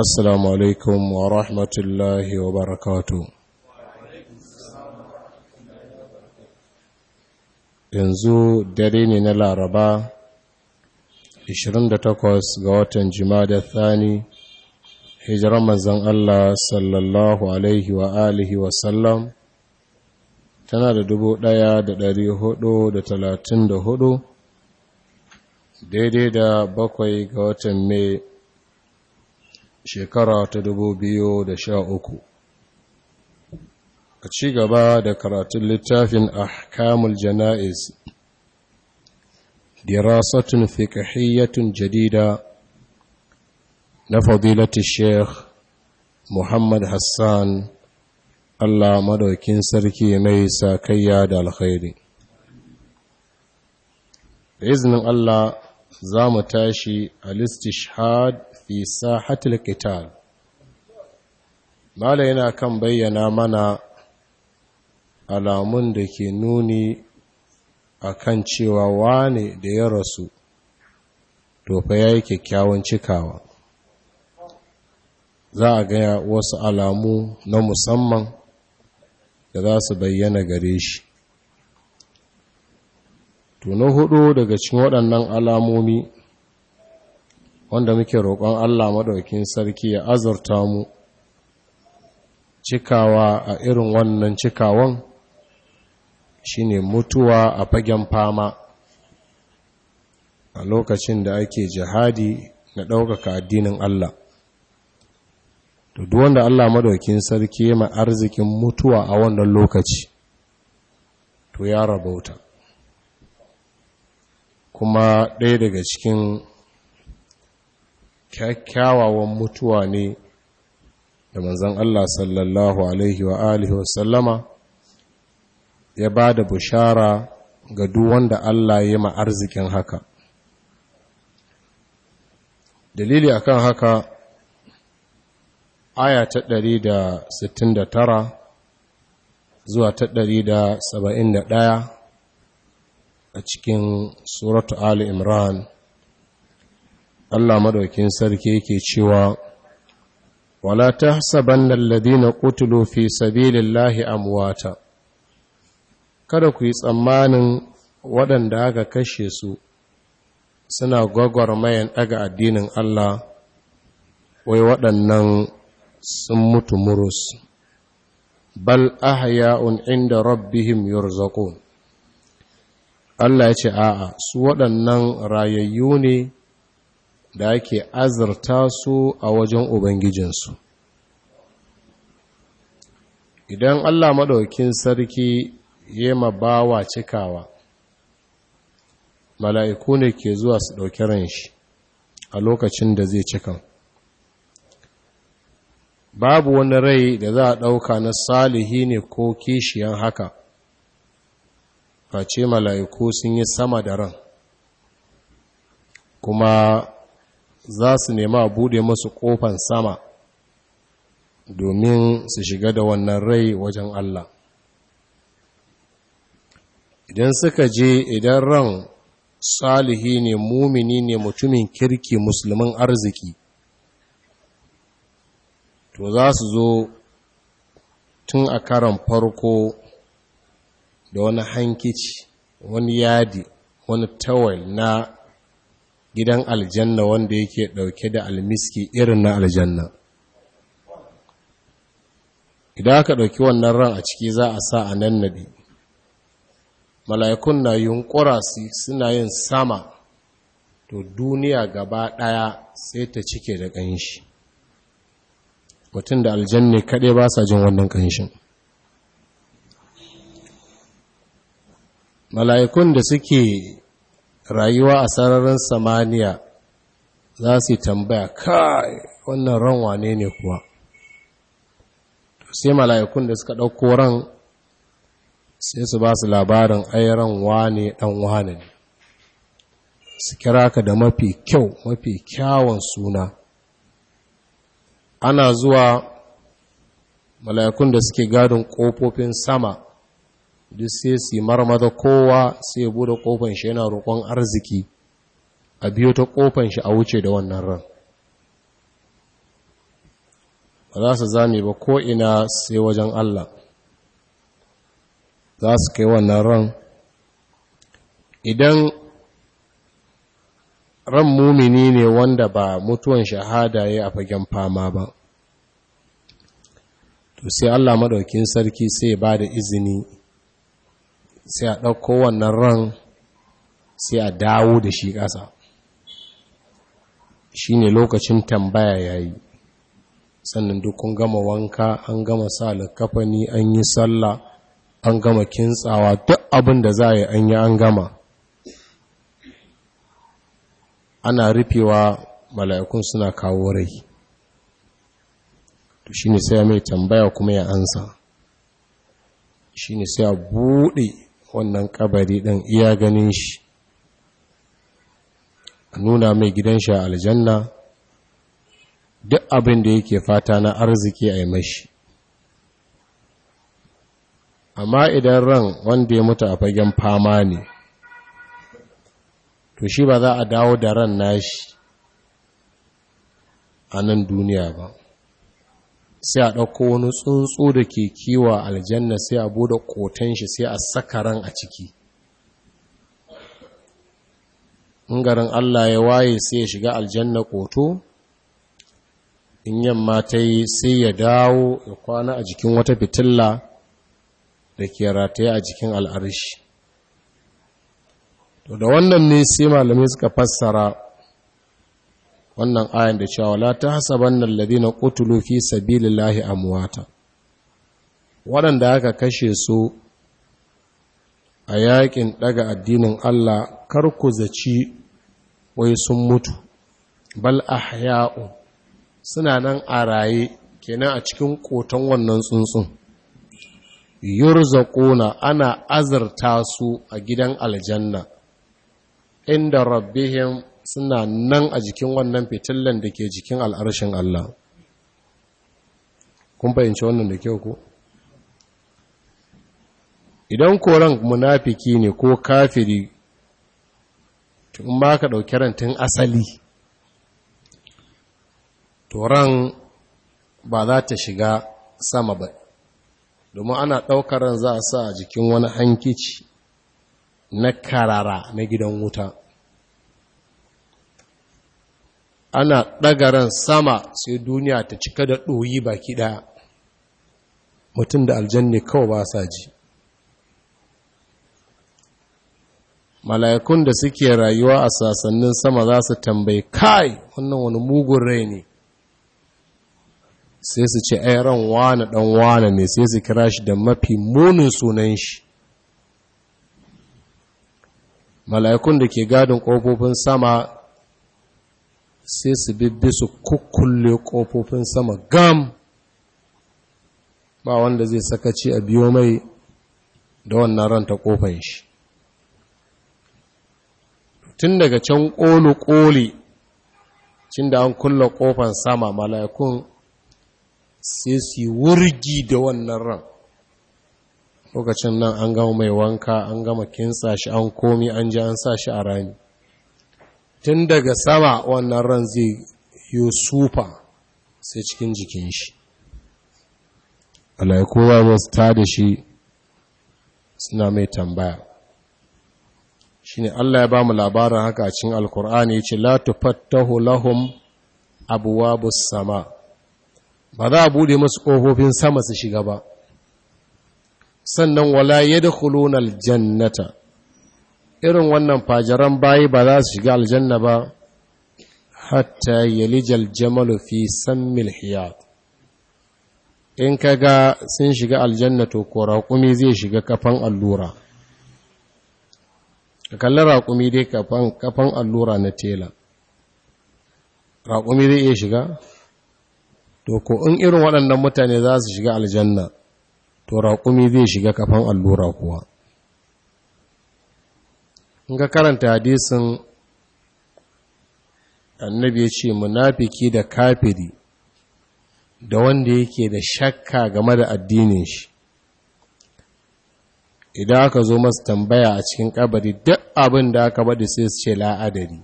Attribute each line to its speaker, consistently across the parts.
Speaker 1: Assalamu alaikum wa rahmatullahi wa barakatu. Yanzu dare ne na Laraba, 28 ga watan Jumada Thani, hijiran manzan Allah sallallahu Alaihi wa alihi wa sallam, tana da dubu ɗaya da da da talatin hudu, daidai da bakwai ga watan Mai shekara ta dubu biyu da sha uku. a ci gaba da karatun littafin ahkamul jana'iz dirasatun fiqhiyyatun jadida na fadilatun sheikh muhammad hassan allah madaukin sarki mai sakayya da alkhairi da izinin allah za mu tashi a alistishhad fi sahatil qital mala yana kan bayyana mana alamun da ke nuni akan cewa wane da ya rasu to fa yayi kyakkyawan cikawa za a gaya wasu alamu na musamman da za su bayyana gare shi to na hudu daga cikin waɗannan alamomi wanda muke roƙon Allah maɗaukin sarki ya azurta mu cikawa a irin wannan cikawan shine mutuwa a fagen fama a lokacin da ake jihadi na ɗaukaka addinin Allah to duk wanda Allah maɗaukin sarki ya arzikin mutuwa a wannan lokaci to ya rabauta kuma ɗaya daga cikin kyakkyawawan mutuwa ne da manzan Allah sallallahu alaihi wa alihi wasallama ya ba da bushara ga duwanda Allah ya ma arzikin haka dalili akan haka aya ta 169 zuwa ta 171 a cikin suratu ali imran Allah madaukin sarki yake cewa wala tahsabanna alladhina qutilu fi sabilillahi amwata kada ku yi tsammanin waɗanda aka kashe su suna gwagwarmayan daga addinin Allah wai waɗannan sun mutu murus bal ahya'un inda rabbihim yurzaqun Allah ya ce a'a su waɗannan rayayyu ne da ake azurta su a wajen ubangijinsu idan allah maɗaukin sarki ya ba bawa cikawa mala'iku ne ke zuwa su ɗauki ran shi a lokacin da zai cikan babu wani rai da za a ɗauka na salihi ne ko kishiyan haka face mala'iku sun yi sama da ran kuma za su nema bude masu kofan sama domin su shiga da wannan rai wajen Allah idan suka je idan ran salihi ne mumini ne mutumin kirki musulmin arziki to za su zo tun a karan farko da wani hankici wani yadi wani tawal na gidan aljanna wanda yake ɗauke da almiski irin na aljanna idan aka ɗauki wannan ran a ciki za a sa a nan mala'ikun na su suna yin sama to duniya gaba ɗaya sai ta cike da kanshi, mutum da aljanna kaɗai ba sa jin wannan kanshin. mala'ikun da suke rayuwa a sararin samaniya za su tambaya kai wannan ran wane ne kuwa sai mala'ikun da suka ɗauko ran sai su ba su labarin ran wane ɗan wane su kira ka da mafi kyau mafi kyawun suna ana zuwa mala'ikun da suke gadon ƙofofin sama duk sai su marmada kowa sai bude kofan shi yana roƙon arziki a biyo ta kofan shi a wuce da wannan ran ba za su zane ba ko ina sai wajen Allah za su kai wannan ran idan ran mumini ne wanda ba mutuwan shahada ya a fagen fama ba to sai Allah maɗaukin sarki sai ba da izini sai a ɗauko wannan ran sai a dawo da shi ƙasa shi ne lokacin tambaya ya yi sannan dukkan gama wanka an gama sa alkafani an yi sallah an gama kintsawa duk abin da za a yi an yi an gama ana rufewa mala'ikun suna kawo rai to shi ne sai mai tambaya kuma ya ansa shi ne sai a buɗe wannan kabari ɗin iya ganin shi a nuna mai gidan shi a aljanna duk abin da yake fata na arziki a yi mashi amma idan ran wanda ya mutu a fagen fama ne to shi ba za a dawo da ran nashi a nan duniya ba sai a ɗauko wani tsuntsu da ke kiwa aljanna sai a bude koton shi sai a saka ran a ciki in garin Allah ya waye sai ya shiga aljanna koto in yamma ta yi sai ya dawo ya kwana a jikin wata fitilla da ke rataye a jikin al'arshi to da wannan ne sai malamai suka fassara wannan ayan da cewa la nan ladina qutilu fi sabilillahi amwata waɗanda aka kashe su a yakin ɗaga addinin Allah kar ku zaci wai sun mutu bal ahya'u suna nan a raye kenan a cikin koton wannan tsuntsun yurzaquna ana azarta su a gidan aljanna inda rabbihim suna nan a jikin wannan fitillan da ke jikin al'arshin Allah kun fahimci wannan da kyau ku idan koran munafiki ne ko kafiri tun ba ka ɗauki rantin asali ran ba za ta shiga sama ba domin ana ɗaukar ran za a sa jikin wani hankici na karara na gidan wuta ana ɗagaran sama sai duniya ta cika da ɗoyi baki ɗaya mutum da aljanni kawai ba sa ji mala'ikun da suke rayuwa a sasannin sama za su tambayi kai wannan wani mugun rai ne sai su ce ai ran wane ɗan wane ne sai su kira shi da mafi munin sunan shi mala'ikun da ke gadin ƙofofin sama sai su bibbi su kukkulle ƙofofin sama gam ba wanda zai sakaci a biyo mai da wannan ranta ƙofan shi tun daga can ƙoli-ƙoli cin da an kulla ƙofan sama malakun sai su yi wurgi da wannan ran lokacin nan an gama mai wanka an gama kinsa shi an komi an ji an sa shi a rami tun daga sama wannan ran zai yi sufa sai cikin jikin shi alaikowa wasu ta da shi suna mai tambaya shi ne Allah ya ba mu labarin haka a cikin alkur'ani ce la tufattahu lahum abuwa sama ba za a bude masu ƙofofin sama su shiga ba sannan wala kulonar jannata. irin wannan fajaran bayi ba za su shiga aljanna ba hatta yalijal jamalu fi sammil hiyat in ka ga sun shiga aljanna to ko raƙumi zai shiga kafan allura ka kalli raƙumi dai kafan allura na tela raƙumi zai iya shiga to ko in irin waɗannan mutane za su shiga aljanna to raƙumi zai shiga kafan allura kuwa in ka karanta hadisin annabi ya ce munafiki da kafiri da wanda yake da shakka game da addinin shi idan aka zo masu tambaya a cikin kabari duk abin da aka bada sai su ce la'adari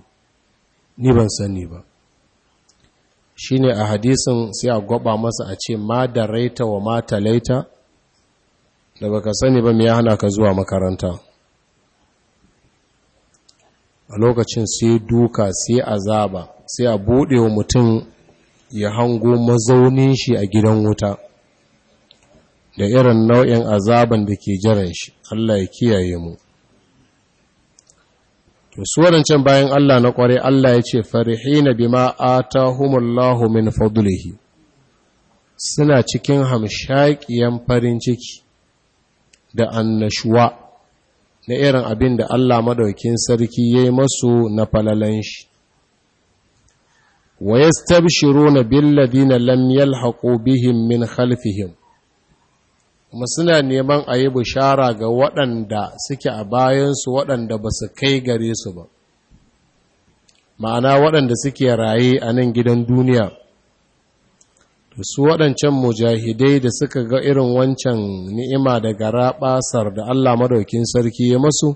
Speaker 1: ni ban sani ba shi ne a hadisin sai a gwaba masa a ce ma da raita wa ma laita, da baka sani ba mai hana ka zuwa makaranta a lokacin sai duka sai azaba sai a buɗe wa mutum ya hango mazaunin shi a gidan wuta da irin nau'in azaban da ke jiran shi Allah ya kiyaye mu to su wadancan bayan Allah na kware Allah ya ce farihina bima atahumullahu min fadlihi suna cikin hamshaqiyan farin ciki da annashuwa na irin abin da Allah madaukin sarki ya yi masu na falalan shi wa ya na billadi na lamyal bihim min khalfihim kuma suna neman a yi bishara ga waɗanda suke a bayansu waɗanda ba su kai gare su ba ma'ana waɗanda suke raye a nan gidan duniya su waɗancan mujahidai da suka ga irin wancan ni'ima da garaɓasar da Allah madaukin sarki ya masu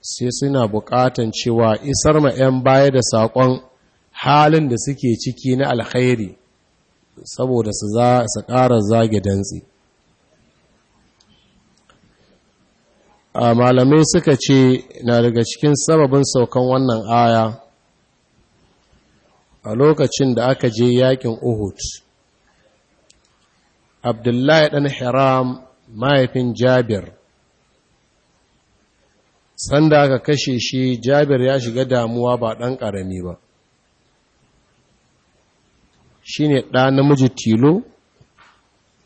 Speaker 1: sai suna buƙatan cewa isar ma 'yan baya da saƙon halin da suke ciki na alkhairi saboda su ƙara zage dantsi a malamai suka ce na daga cikin sababin saukan wannan aya a lokacin da aka je yakin uhud abdullahi ɗan hiram mahaifin jabir sanda aka kashe shi jabir ya shiga damuwa ba ɗan ƙarami ba shi ne ɗa namiji tilo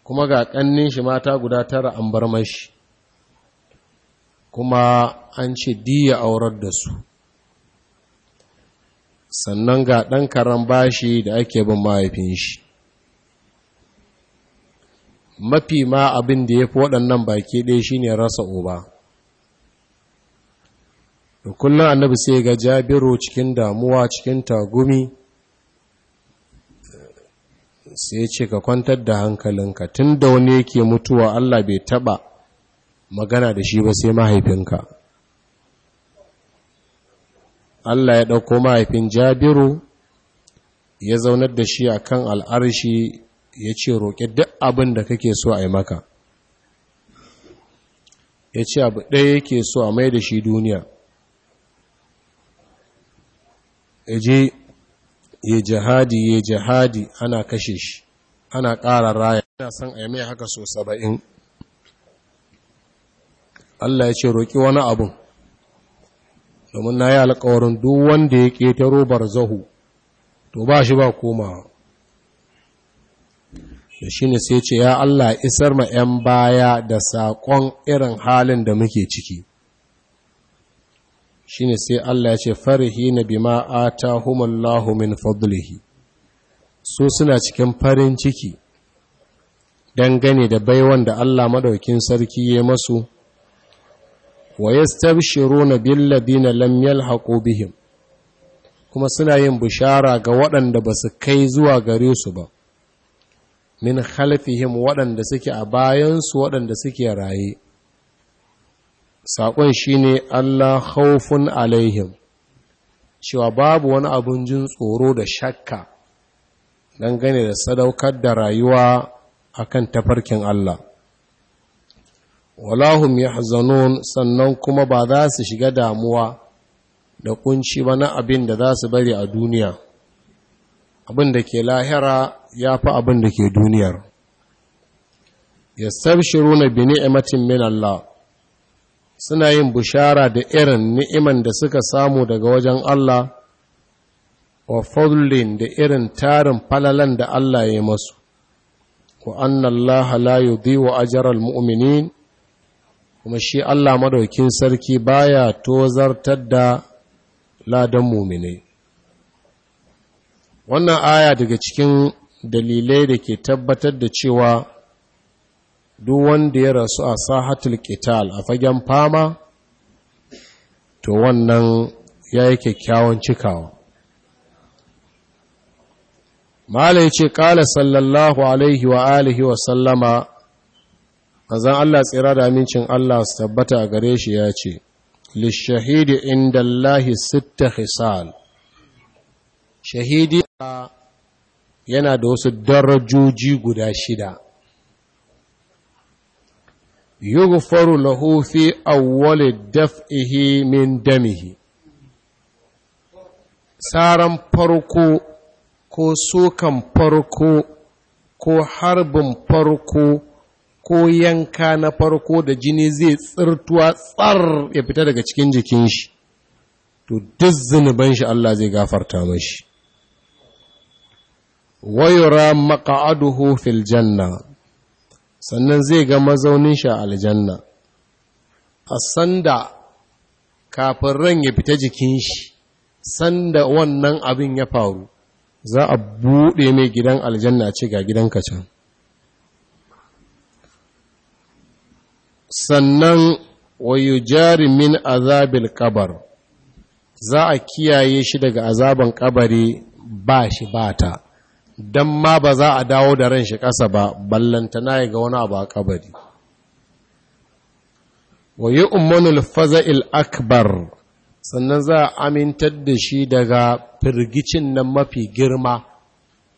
Speaker 1: kuma ga ƙannin shi mata guda tara an bar mashi kuma an ce diya aurar da su sannan ga ɗan karen bashi da ake bin mahaifin shi mafi ma abin da ya fi waɗannan baki ɗaya shi ne rasa uba da kullum annabi sai ga jabiru cikin damuwa cikin tagumi sai ce ka kwantar da hankalinka tun da wani yake mutuwa allah bai taɓa magana da shi ba sai mahaifinka Allah ya ɗauko mahaifin jabiru ya zaunar da shi a kan al'arshi ya ce roƙe duk abin da kake so a yi maka ya ce abu ɗaya yake so a mai da shi duniya ya je ya jihadi ya jihadi ana kashe shi ana ƙara raya ya son a yi mai haka so saba'in Allah ya ce roƙi wani abin domin na yi alkawarin duk wanda ya ƙetaro zahu, to ba shi ba koma da shi ne sai ce ya Allah isar ma 'yan baya da saƙon irin halin da muke ciki shi ne sai Allah ya ce farihi na bi ma'a ta humallahu min fadlihi su suna cikin farin ciki dangane da baiwan da Allah maɗaukin sarki ya masu wa yastabshiruna billadina lam yalhaqu bihim kuma suna yin bishara ga waɗanda ba su kai zuwa gare su ba min khalfihim waɗanda suke a bayansu waɗanda suke raye saƙon shine Allah khawfun alaihim cewa babu wani abun jin tsoro da shakka dangane da sadaukar da rayuwa akan tafarkin Allah walahum yahzanun sannan kuma ba za su shiga damuwa da kunci ba na abin da za su bari a duniya abin da ke lahira ya fi abin da ke duniyar Ya yastabshiruna bi ni'matin min Allah suna yin bushara da irin ni'iman da suka samu daga wajen Allah wa fadlin da irin tarin falalan da Allah ya masu wa anna Allah biyu wa ajral mu'minin kuma shi Allah madaukin sarki baya tozartar da ladan mumine wannan aya daga cikin dalilai da ke tabbatar da cewa duk wanda ya rasu a sahatul qital a fagen fama to wannan ya yi kyakkyawan cikawa malai ce ƙala sallallahu alaihi wa alihi wa sallama manzan Allah tsira da amincin Allah su tabbata gare shi ya ce lishahidi inda Allahi sitta hisal shahidi yana da wasu darajoji guda shida yugufaru lahufi a awwali daf'ihi min damihi saran farko ko sukan farko ko harbin farko ko yanka na farko da jini zai tsirtuwa tsar ya fita daga cikin jikin shi to duk zunuban shi Allah zai gafarta mashi wayura maqa'aduhu fil janna sannan zai ga mazaunin shi a aljanna a sanda kafin ran ya fita jikin shi sanda wannan abin ya faru za a buɗe mai gidan aljanna ce ga gidanka can sannan wayo jari min azabil kabar za a kiyaye shi daga azaban kabari ba shi ba don ma ba za a dawo da ran shi ƙasa ba ballantana ya ga wani abu a kabari wayo umarnul faza'il akbar sannan za a amintar da shi daga firgicin nan mafi girma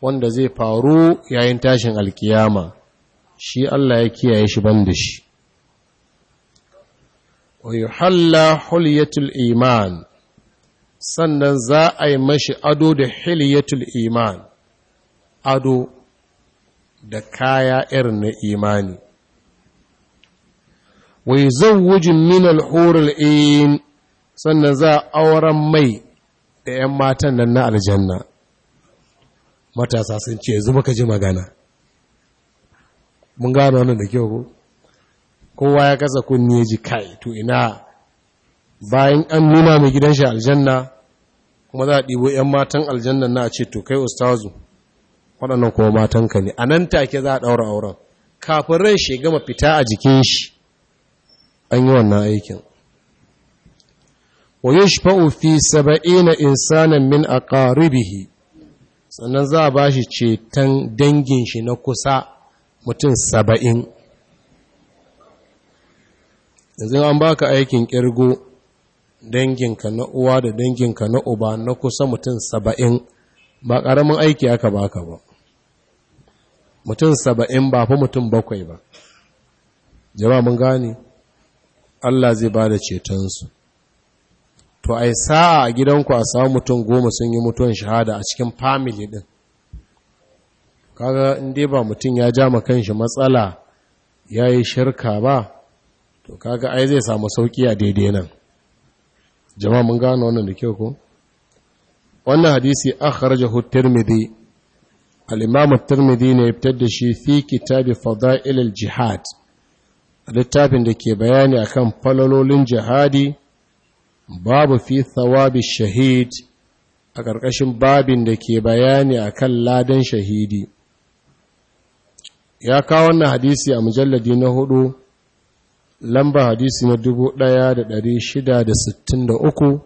Speaker 1: wanda zai faru yayin tashin alkiyama shi Allah ya kiyaye shi ban da shi wa yuhalla hulyatul iman sannan za a yi mashi ado da hilyatul iman ado da kaya irin na imani wa yuzawwiju min al-hurul in sannan za a auren mai da 'yan matan nan na aljanna matasa sun ce yanzu ka ji magana mun gano wannan da kyau ko kowa ya kasa kunni ya ji kai to ina bayan an nuna mai gidan shi aljanna kuma za a ɗibo 'yan matan aljanna na a ce to kai ustazu waɗannan kuma matanka ne a nan take za a ɗaura auren kafin ran shi gama fita a jikin shi an yi wannan aikin wa yushfa'u fi saba'ina insanan min aqaribihi sannan za a shi ceton dangin shi na kusa mutum saba'in yanzu an baka aikin kirgo danginka na uwa da danginka na uba na kusa mutum saba'in ba ƙaramin aiki aka baka ba mutum saba'in ba fa mutum bakwai ba jama mun gane Allah zai ba da cetonsu to ai sa'a a gidanku a samu mutum goma sun yi mutuwan shahada a cikin family din kaga inda ba mutum ya ja ma kanshi matsala ya yi shirka ba to kaga ai zai samu sauki a daidai nan jama'a mun gano wannan da kyau ko wannan hadisi akhrajahu tirmidhi al-imam at-tirmidhi ne fitar da shi fi kitab fada'il al-jihad littafin da ke bayani akan falalolin jihadi babu fi thawabi shahid a ƙarƙashin babin da ke bayani akan ladan shahidi ya kawo wannan hadisi a mujalladi na hudu lamba hadisi na 1663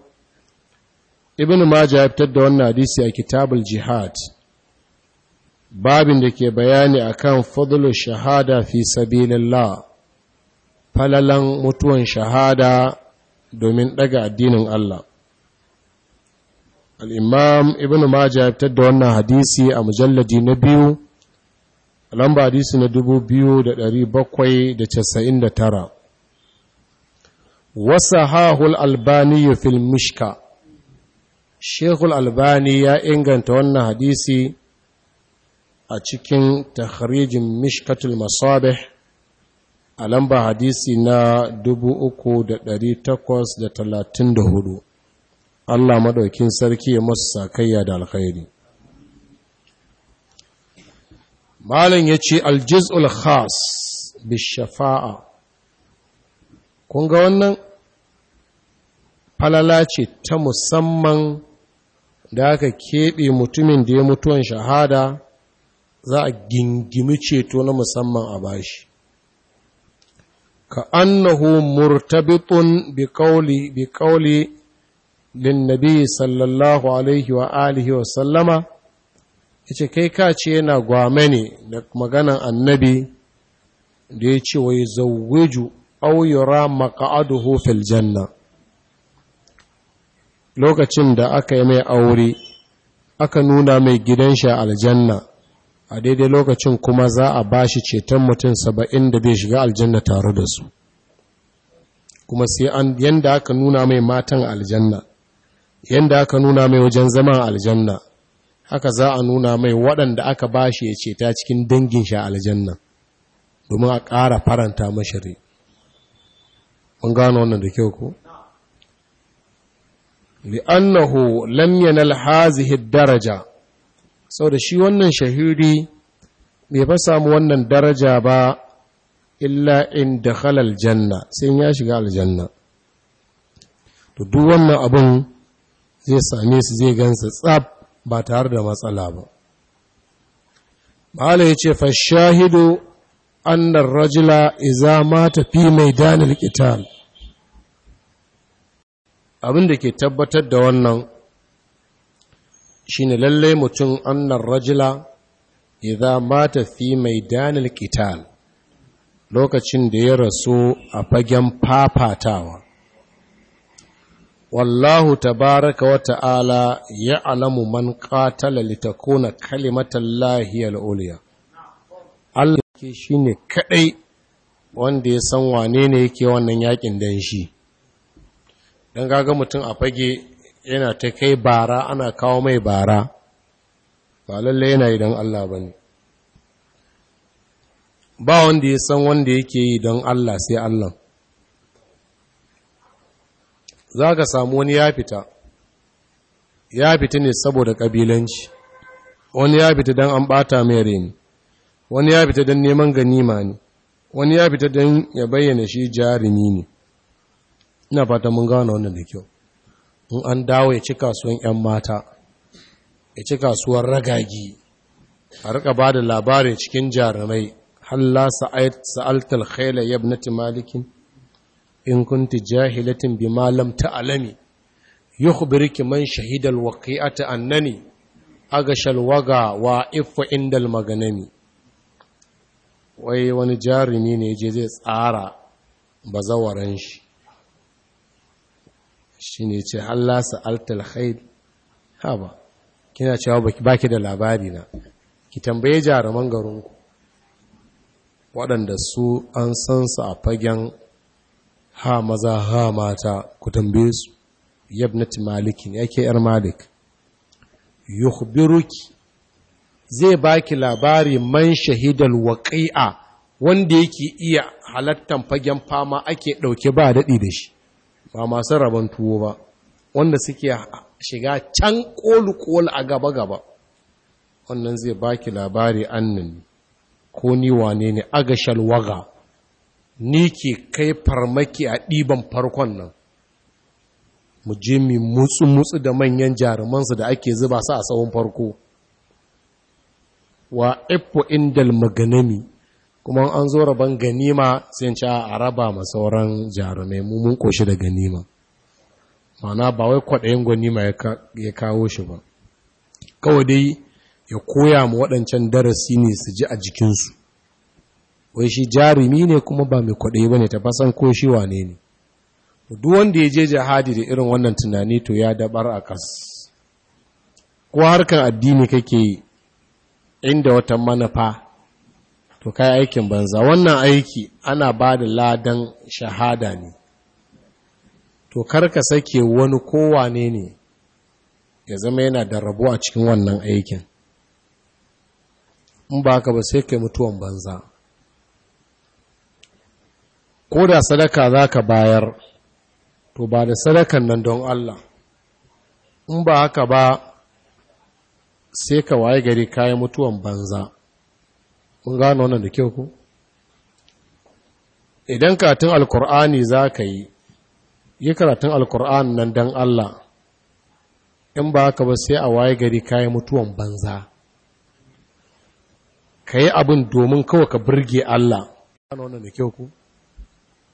Speaker 1: ibn majah ya fitar da wannan hadisi a kitabul jihad babin da ke bayani akan fadlul shahada fi sabilillah falalan mutuwan shahada domin ɗaga addinin Allah al-imam ibn majah ya fitar da wannan hadisi a mujalladi na biyu lamba hadisi na tara. wasahahul albani fil mishka shekul albani ya inganta wannan hadisi a cikin takharijin mishkatul masabih a lamba hadisi na 3834 Allah maɗaukin sarki ya masu sakayya da alkhairi Malam ya ce aljiz'ul khas bishafa'a kun ga wannan falala ce ta musamman da aka keɓe mutumin da ya mutuwan shahada za a gingimi ceto na musamman a bashi ka annahu murtabitun bi qawli bi kauli lin nabi sallallahu alaihi wa alihi wa sallama yace kai ka ce yana gwame ne da maganan annabi da ya ce wai zawwaju aw yura maq'aduhu fil janna lokacin da aka yi mai aure aka nuna mai gidan shi aljanna a daidai lokacin kuma za a bashi ceton mutum saba'in da bai shiga aljanna tare da su kuma sai an aka nuna mai matan aljanna yanda aka nuna mai wajen zama aljanna haka za a nuna mai waɗanda aka bashi ya ceta cikin dangin shi aljanna domin a ƙara faranta mashari mun gano wannan da kyau ko li'annahu lam yanal hazihi daraja saboda shi wannan shahiri bai ba samu wannan daraja ba illa in dakhala aljanna sai ya shiga aljanna to duk wannan abun zai same su zai gansa tsab ba tare da matsala ba mala yace ce, Fashahidu annar rajula iza mata mai danil abin da ke tabbatar da wannan shine lallai mutum annan rajila iza mata fi mai danil qital lokacin da ya rasu a fagen fafatawa wallahu tabaraka wa ta'ala ya alamu man qatala litakuna kalimatan lahiyal ulya. shi ne kadai wanda ya san wane ne yake wannan yakin don shi ga gaga mutum a fage yana ta kai bara ana kawo mai bara ba lalle yana idan Allah ne ba wanda ya san wanda yake yi don Allah sai Allah za ka samu wani ya fita ya fita ne saboda ƙabilanci wani ya fita don an bata mai reni wani ya fita don neman ganima ne wani ya fita don ya bayyana shi jarumi ne ina fata mun gano wannan da kyau in an dawo ya ci kasuwan 'yan mata ya ci kasuwar ragagi a rika ba da labari cikin jarumai halla sa'altar khaila yabnati malikin in kunti jahilatin bi malam ta'alami yukhbiruki man shahidar waƙi'ata annani agashal waga wa iffa indal maganami wai wani jarumi ne je zai tsara bazawaran shi shi ne ce Allah sa'altal haid ha ba kina cewa ba ki da labari na ki tambaye jaruman garinku waɗanda su an san su a fagen ha maza ha mata ku tambaye su yabnati maliki ne yake yar malik yukhbiruki zai baki labari man shahidal waƙi'a wanda yake iya halattan fagen fama ake ɗauke ba daɗi da shi ba masu rabon tuwo ba wanda suke shiga can ƙolu a gaba-gaba wannan zai baki labari annan ko ni wane ne agashal waga ni ke kai farmaki a ɗiban farkon nan mu je mu mutsu-mutsu da manyan jarumansu da ake zuba su a tsawon farko wa iffu indal maganami kuma an zo rabon ganima sai ci a raba ma sauran jarumai mu mun koshi da ganima mana ba wai kwaɗayin ganima ya kawo shi ba kawai dai ya koya mu waɗancan darasi ne su ji a jikinsu wai shi jarumi ne kuma ba mai kwaɗayi ba ne ta fasan wane ne duk wanda ya je jihadi da irin wannan tunani to ya dabar a kas ko harkar addini kake yi inda wata manufa to kai aikin banza wannan aiki ana ba da ladan shahada ne to karka sake wani kowane ne ya zama yana da rabo a cikin wannan aikin in ba ka ba sai kai mutuwan banza ko da sadaka za ka bayar to ba da sadakan nan don Allah in ba haka ba sai ka waye gari kayan mutuwan banza mun gano wannan da kyau ku idan katin alkur'ani za ka yi yi karatun alkur'ani nan don Allah in ba ka ba sai a waye gari kayan mutuwan banza ka yi abin domin kawai ka birge Allah gano wannan da kyau ku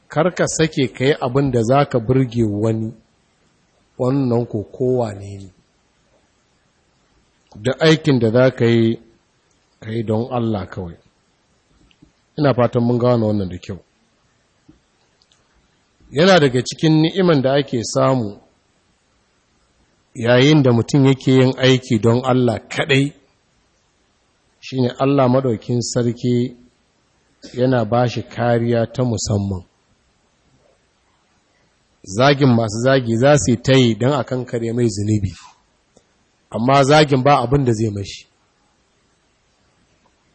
Speaker 1: kar ka sake ka yi abin da za ka birge wani wannan ko kowa ne ne da aikin da za ka yi ka yi don Allah kawai ina fatan mun gano wannan da kyau yana daga cikin ni'iman da ake samu yayin da mutum yake yin aiki don Allah kadai shine Allah maɗaukin sarki yana ba shi kariya ta musamman zagin masu zagi za su yi ta yi don a kankare mai zunubi amma zagin ba abin da zai mashi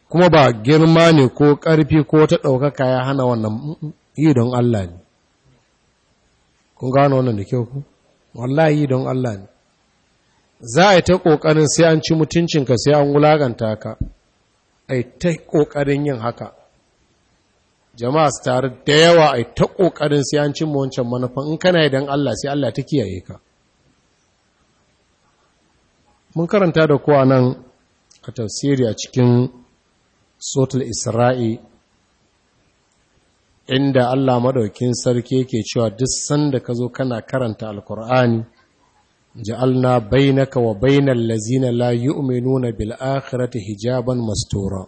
Speaker 1: kuma ba girma ne ko ƙarfi ko ta ɗaukaka ya hana wannan yi don Allah ne kun gano wannan da kyau ku wallahi yi don Allah ne za a yi ta ƙoƙarin sai an ci mutuncinka sai an wulaganta ka a yi ta ƙoƙarin yin haka jama'a su tare da yawa a yi ta ƙoƙarin sai an cimma wancan manufan in kana don Allah sai Allah ta kiyaye ka mun karanta da kuwa nan a tafsiri a cikin sotul isra'i inda Allah madaukin sarki yake cewa duk sanda ka zo kana karanta alkur'ani ja'alna bainaka wa bainal lazina la nuna bil akhirati hijaban mastura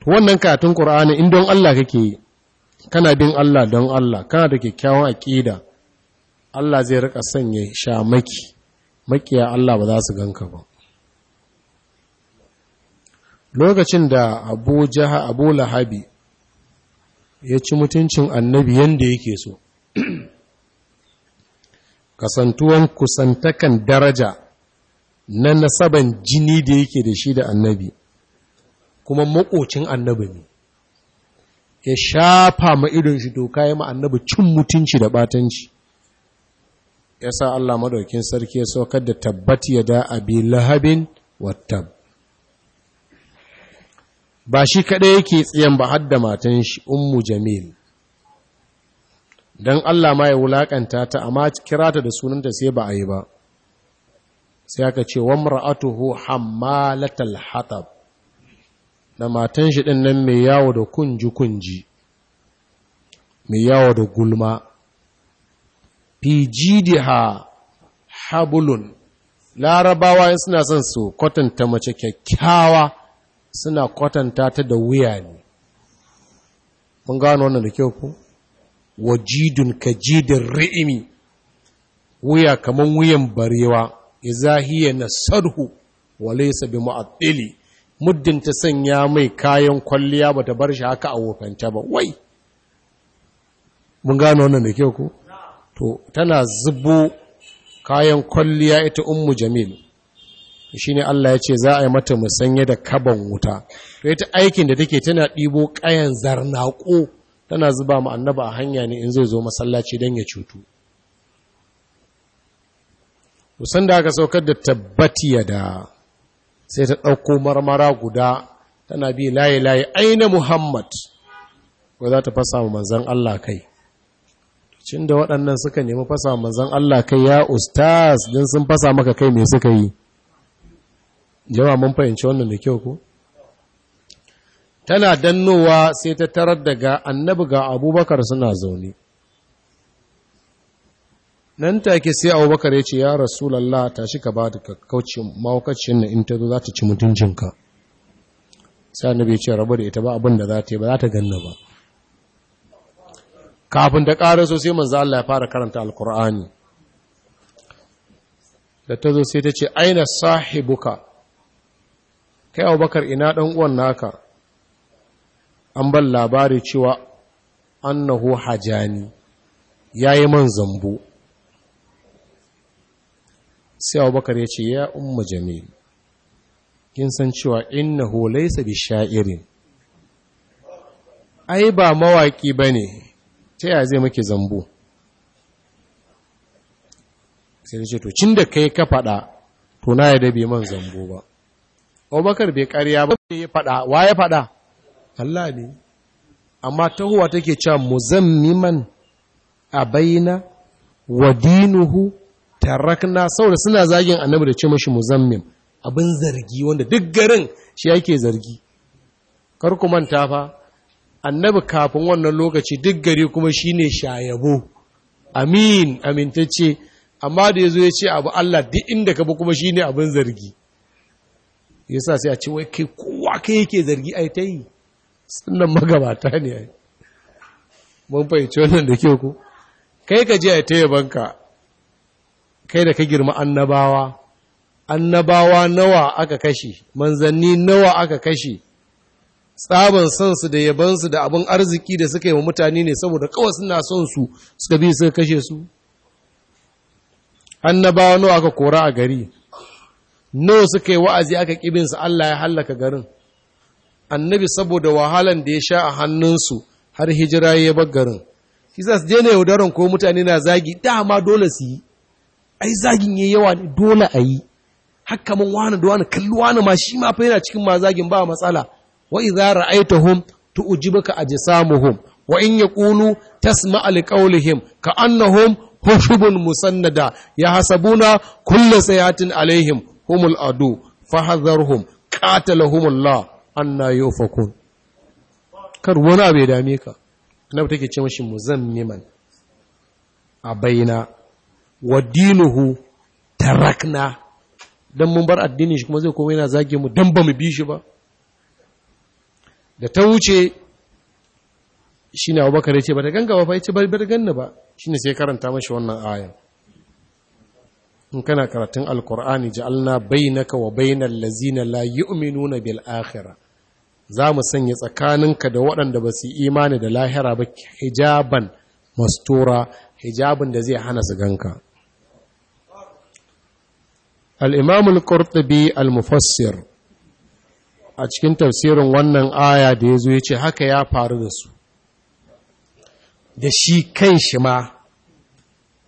Speaker 1: to wannan katun qur'ani in don Allah kake kana bin Allah don Allah kana da kyakkyawan aqida Allah zai rika sanya shamaki makiya Allah ba za su ganka ba lokacin da abu jaha abu lahabi ya ci mutuncin annabi yadda yake so kasantuwan kusantakan daraja na nasaban jini da yake da shi da annabi kuma makocin annabi ne ya shafa ma idon shi doka ya ma annabi cin mutunci da batanci ya sa Allah madaukin sarki ya saukar da tabbati ya da abi lahabin wattab ba shi kaɗai yake tsayan ba hadda da matan shi ummu jamil don Allah ma ya wulaƙanta ta amma kira ta da sunanta sai ba a yi ba sai aka ce wa mar'atuhu hammalatal hatab da matan shi ɗin nan mai yawo da kunji kunji mai yawo da gulma fi jidiha habulun larabawa suna son su kwatanta mace kyakkyawa suna kwatanta ta da wuya ne mun gano wannan da kyau ku wajidun ka jidin ri'imi wuya kamar wuyan barewa izahiyya na sarhu wale bi mu'addili muddin ta sanya mai kayan kwalliya ba ta bar shi haka a wofanta ba wai mun gano wannan da kyau ku to tana zubo kayan kwalliya ita ummu jamil shi ne Allah ya ce za a yi mata musanye da kaban wuta to ita aikin da take tana ɗibo ƙayan zarnaƙo tana zuba mu annaba a hanya ne in zai zo masallaci don ya cutu musan da aka saukar da tabbatiya da sai ta ɗauko marmara guda tana bi layi-layi aina muhammad ko za ta fasa wa manzan Allah kai cin da waɗannan suka nemi fasa manzan Allah kai ya ustaz don sun fasa maka kai mai suka yi jama mun fahimci wannan da kyau ku tana dannowa sai ta tarar daga annabi ga abubakar suna zaune nan take sai abubakar ya ce ya rasulallah tashi ka ba da mahaukacin na in ta zo za ta ci mutuncinka sai annabi ya ce rabu da ita ba abin da za ta yi ba za ta ganna ba kafin da ƙara so sai manzo Allah ya fara karanta alkur'ani da ta zo sai ta ce aina sahibuka kai abubakar ina ɗan uwan naka an ban labari cewa annahu hajani yi man zambu sai abubakar ya ce ya umma jamil kin san cewa innahu bi sha'irin ai ba mawaki ne. ta yaya zai maki zambu? sai ce to cin da kai ka faɗa to na yadda bai man zambu ba abubakar bai karya ba ya faɗa wa ya faɗa Allah ne amma ta huwa take cewa muzammiman a bayina wa dinuhu tarakna saboda suna zagin annabi da ce mashi muzammim abin zargi wanda duk garin shi yake zargi kar ku manta fa annabi kafin wannan lokaci duk gari kuma shi ne shayabo amin amintacce amma da ya zo ya ce abu Allah duk inda ka bi kuma shi ne abin zargi Ya sa sai a ce wai kai kowa kai yake zargi ai ta yi sannan magabata ne ai mun fahimci wannan da ke ku. kai ka je yi ta banka, kai da ka girma annabawa annabawa nawa aka kashe manzanni nawa aka kashe tsaban son da yaban da abin arziki da suka yi wa mutane ne saboda kawai suna son su suka bi suka kashe su annabawa nawa aka kora a gari nawa suka yi wa'azi aka kibin su Allah ya hallaka garin annabi saboda wahalan da ya sha a hannunsu har hijira ya bar garin Kisas je na yaudaran ko mutane na zagi dama dole su yi ai zagin yayi yawa dole a yi haka man wani da wani kalluwa wani ma shi ma fa yana cikin ma zagin ba matsala Wai ta wa idza ra'aytahum tu'jibuka ajsamuhum wa in yaqulu tasma' liqawlihim ka annahum hushubun musannada hasabuna kullu sayatin alaihim humul adu fahadharhum qatalahumullah anna yufakun kar wani abu ya dame ka annabi take ce mashi muzammiman a baina wa dinuhu tarakna dan mun bar addinin shi kuma zai koma yana zage mu dan ba mu bi shi ba da ta wuce shi ne abubakar ya ce ba ta ganga ba fai ce ba ganna ba shi ne sai karanta mashi wannan ayan in kana karatun alkur'ani ja'alna bainaka wa bainal lazina la yu'minuna bil akhirah za mu sanya tsakaninka da waɗanda ba su imani da lahira ba hijaban mastura hijabin da zai hana su ganka al-imam al-qurtubi al-mufassir a cikin tafsirin wannan aya da ya zo ya ce haka ya faru da su da shi kan shi ma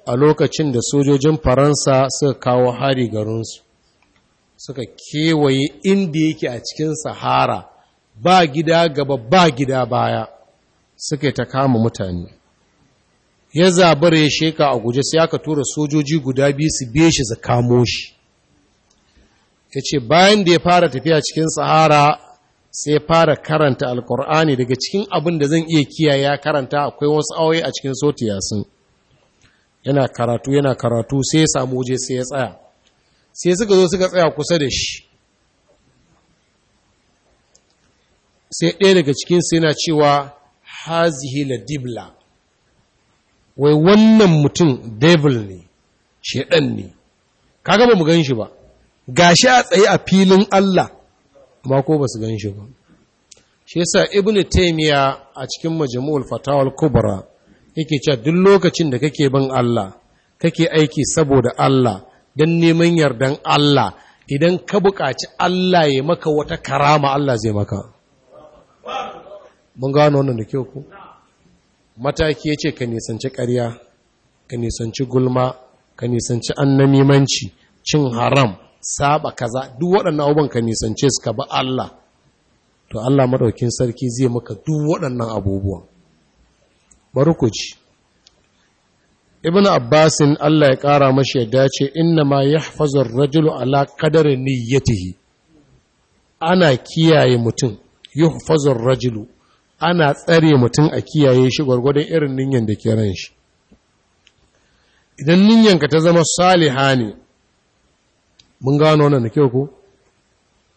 Speaker 1: a lokacin da sojojin faransa suka kawo hari garinsu suka kewaye inda yake a cikin sahara ba gida gaba ba gida baya suka ta kama mutane ya zabar ya sheka a guje sai aka tura sojoji guda biyu su biye shi su kamo shi ya ce bayan da ya fara tafiya cikin sahara sai ya fara karanta alkur'ani daga cikin abin da zan iya kiyaye ya karanta akwai wasu awoyi a cikin soti sun yana karatu yana karatu sai ya samu waje sai ya tsaya sai suka zo suka tsaya kusa da shi sai ɗaya daga cikin sai na cewa hazihi la dibla wai wannan mutum devil ne ɗan ne ka ba mu gan shi ba gashi a tsaye a filin Allah ba ko ba su gan shi ba shi yasa ibn taymiya a cikin majmu'ul fatawal kubra yake cewa duk lokacin da kake bin Allah kake aiki saboda Allah dan neman yardan Allah idan ka buƙaci Allah ya maka wata karama Allah zai maka mun gano wannan da kyau ku mataki yace ka nisanci ƙarya ka nisanci gulma ka nisanci annamimanci cin haram saba kaza duk waɗannan abubuwan ka nisance su ka ba Allah to Allah madaukin sarki zai maka duk waɗannan abubuwan bari ku ji ibn abbasin Allah ya ƙara mashi yadda ce inna ma yahfazur rajulu ala qadari niyyatihi ana kiyaye mutum yahfazur rajulu ana tsare mutum a kiyaye shi gwargwadon irin niyyar da ke ran shi idan niyyarka ta zama saliha ne mun gano nan da kyau ko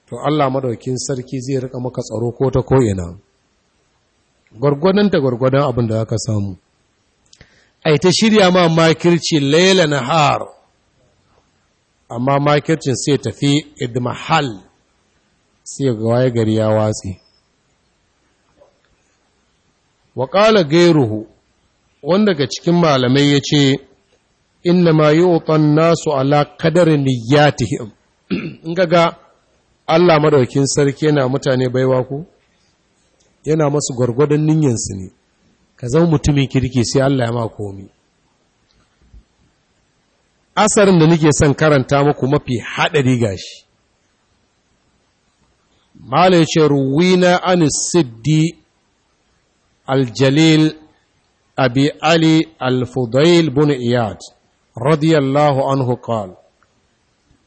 Speaker 1: to Allah madaukin sarki zai rika maka tsaro ko ta ko ina gwargwadon ta gurgurdan abin da zaka samu ai ta shirya ma makirci laila nahar amma makircin sai tafi idmahal sai ga waye gari ya watsi wa qala gairuhu wanda daga cikin malamai yace inna ma yu'ta nasu ala qadari niyyatihim in ga-ga, Allah madaukin sarki yana mutane baiwa ko yana masu gwargwadon niyyarsu ne ka zama mutumin kirki sai Allah ya ma komi asarin da nake son karanta muku mafi haɗari gashi shi. ya ce ruwina an siddi aljalil abi ali al bin iyad radiyallahu anhu qal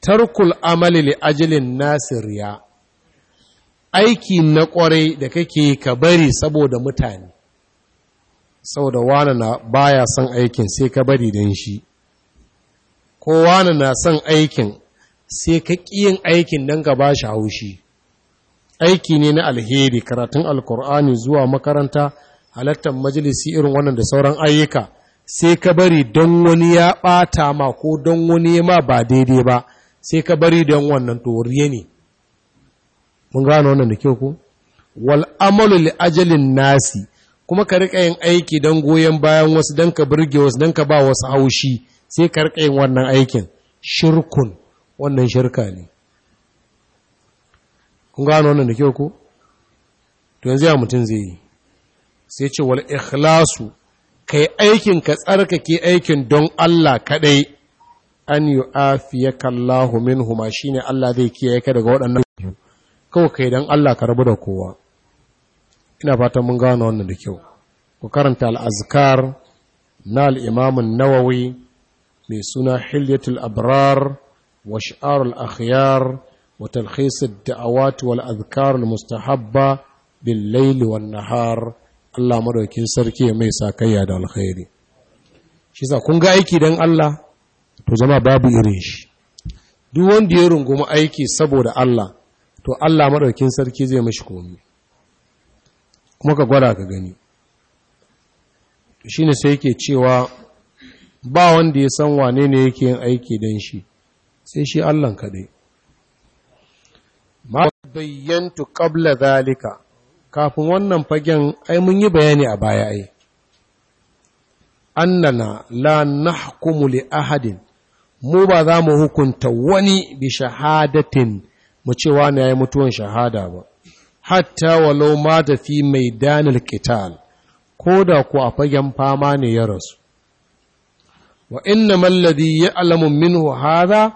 Speaker 1: tarkul amali ajilin nasirya nasiriya aiki na kwarai da kake ka bari saboda mutane saboda wani na baya son aikin sai ka bari don shi ko wani na son aikin sai ka ƙiyin aikin don ka ba shi haushi aiki ne na alheri karatun alkur'ani zuwa makaranta halattar majalisi irin wannan da sauran ayyuka sai ka bari don wani ya ɓata ma ko don wani ya ma ba daidai ba sai ka bari don wannan toriye ne mun gano wannan da kyau ku wal amalu li ajalin nasi kuma ka riƙa yin aiki don goyon bayan wasu don ka burge wasu don ka ba wasu haushi sai ka riƙa yin wannan aikin shirkun wannan shirka ne kun gano wannan da kyau ku to yanzu ya mutum zai yi sai ce wal ikhlasu ka yi aikin ka tsarkake aikin don Allah kaɗai an yi afiya kallahu min huma shi ne Allah zai kiyaye ka daga waɗannan biyu kawai ka yi don Allah ka rabu da kowa ina fatan mun gano wannan da kyau ku karanta al'azkar na al'imamun nawawi mai suna hilyatul abrar wa sha'arul akhyar wa talhisul da'awat wal azkar mustahabba bil laili wan nahar Allah madaukin sarki ya mai sa kayya da alkhairi shi sa kun ga aiki dan Allah to zama babu irin shi duk wanda ya rungumi aiki saboda Allah to Allah madaukin sarki zai mashi komai kuma ka gwada ka gani shine sai yake cewa ba wanda ya san wane ne yake yin aiki dan shi sai shi Allah kaɗai. ma bayyantu qabla zalika kafin wannan fagen ai mun yi bayani a baya ai annana la nahkumu li ahadin mu ba za mu hukunta wani bi shahadatin mu ce wani ya yi mutuwan shahada ba hatta walau da fi maidanil qital ko da ku a fagen fama ne ya rasu wa inna malladi ya'lamu minhu hadha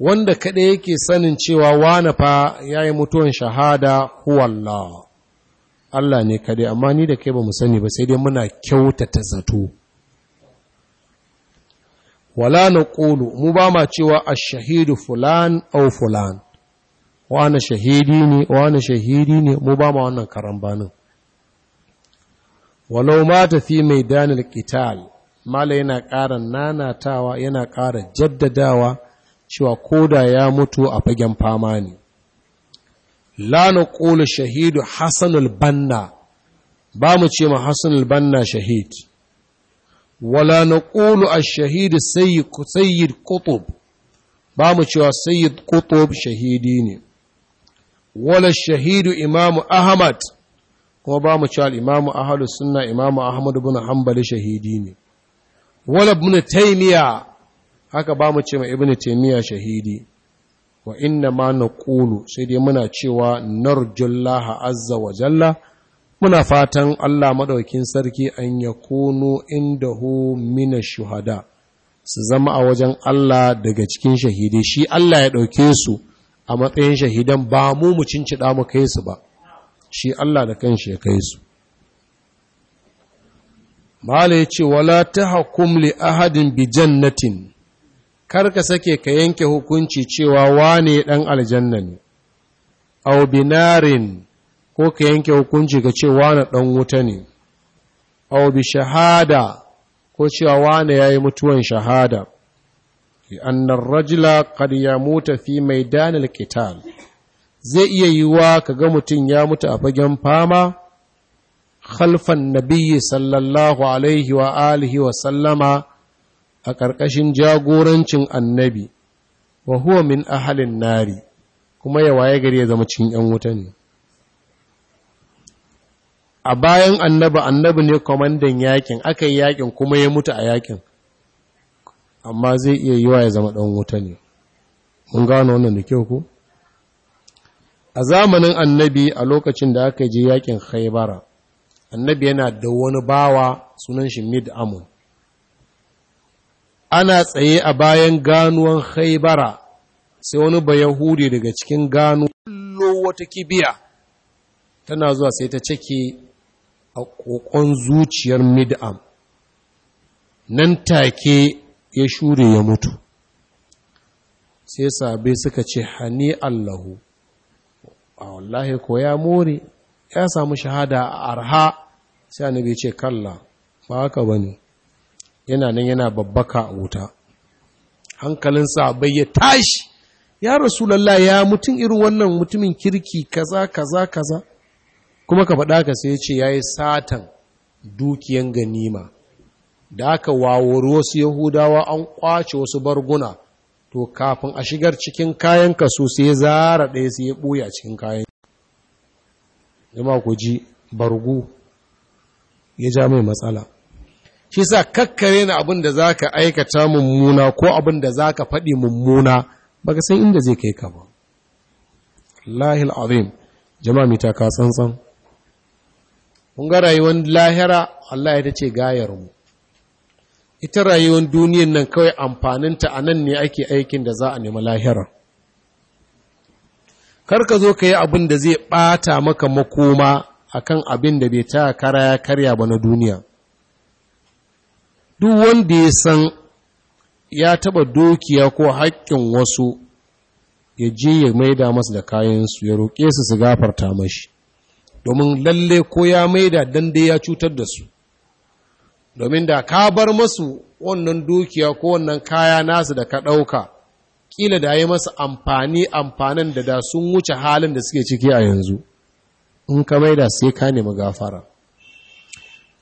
Speaker 1: wanda kada yake sanin cewa wani fa yayi mutuwan shahada huwa Allah ne kadai amma ni da kai ba mu sani ba sai dai muna kyautata zato wala na Kulu mu ba ma cewa a shahidu fulan au fulan wane shahidi ne wane shahidi ne mu ba ma wannan karambanin walau ma tafi mai danil kital, mala yana ƙara nanatawa yana ƙara jaddadawa cewa koda ya mutu a fagen fama ne la naqulu shahidu Hassanul banna ba mu ce ma al banna shahid wala naqulu ash a sayyid sayyid qutb ba mu ce wa sayyid qutb shahidi ne wala shahidu imamu ahmad kuma ba mu cewa imamu ahlu suna imamu ahmad bin Hambali shahidi ne wala ibn taymiya haka ba mu ce ma ibn taymiya shahidi wa inna ma ƙulu sai dai muna cewa narjullaha azza wa jalla muna fatan Allah maɗaukin sarki an inda indahu mina shuhada su zama a wajen Allah daga cikin shahidai shi Allah ya ɗauke su a matsayin shahidan ba mu mu cincida mu kai su ba shi Allah da kanshi ya kai su Mala ya ce, Wala ta hakum li ahadin bi jannatin, kar ka sake ka yanke hukunci cewa wane ɗan aljanna ne au binarin ko ka yanke hukunci ka cewa na ɗan wuta ne au bi shahada ko cewa wane yi mutuwan shahada annar rajula ya yamuta fi danil kital, zai iya ka ga mutum ya mutu a fagen fama khalfan Nabiyyu sallallahu alaihi wa alihi wa sallama a ƙarƙashin jagorancin annabi wa huwa min ahalin nari kuma ya gari ya zama cikin ‘yan wuta ne a bayan annabi annabi ne kwamandan yakin aka yi yakin kuma ya mutu a yakin amma zai iya yi wa ya zama ɗan wuta ne mun gano wannan da kyau ku a zamanin annabi a lokacin da aka je yakin haibara annabi yana da wani bawa sunan shi mid amun ana tsaye a bayan ganuwan haibara sai wani hude daga cikin gano wata kibiya tana zuwa sai ta cake a ƙoƙon zuciyar mid'am nan take ya shure ya mutu sai sabai suka ce hani allahu a wallahi ko ya more ya samu shahada a arha sai annabi ce kalla ba haka bane yana nan yana babbaka a wuta hankalinsa bai ya tashi ya rasu lallai ya mutum irin wannan mutumin kirki kaza kaza kaza kuma ka faɗa ka sai ce ya yi satan dukiyan ganima da aka wawuri wasu yahudawa an kwace wasu barguna to kafin a shigar cikin kayan kaso sai zara ɗaya sai ya ɓuya cikin kayan ma ku ji bargu ya ja mai matsala shi sa kakkare na abin da za ka aikata mummuna ko abin da za ka faɗi mummuna ba ka san inda zai kai ka ba lahil azim jama'a mita ka tsantsan Mun ga rayuwar lahira Allah ya ce gayarmu ita rayuwar duniyan nan kawai amfaninta a nan ne ake aikin da za a nemi lahira. kar ka zo ka yi abin da zai ɓata maka makoma akan abin da bai ta kara karya ba na duniya duk wanda ya san ya taba dukiya ko haƙƙin wasu ya je ya maida masu da kayansu ya roƙe su su gafarta mashi domin lalle ko ya maida don dai ya cutar da su domin da ka bar masu wannan dukiya ko wannan kaya nasu da ka ɗauka ƙila da ya masa amfani amfanin da da sun wuce halin da suke ciki a yanzu in ka maida sai ka nemi gafara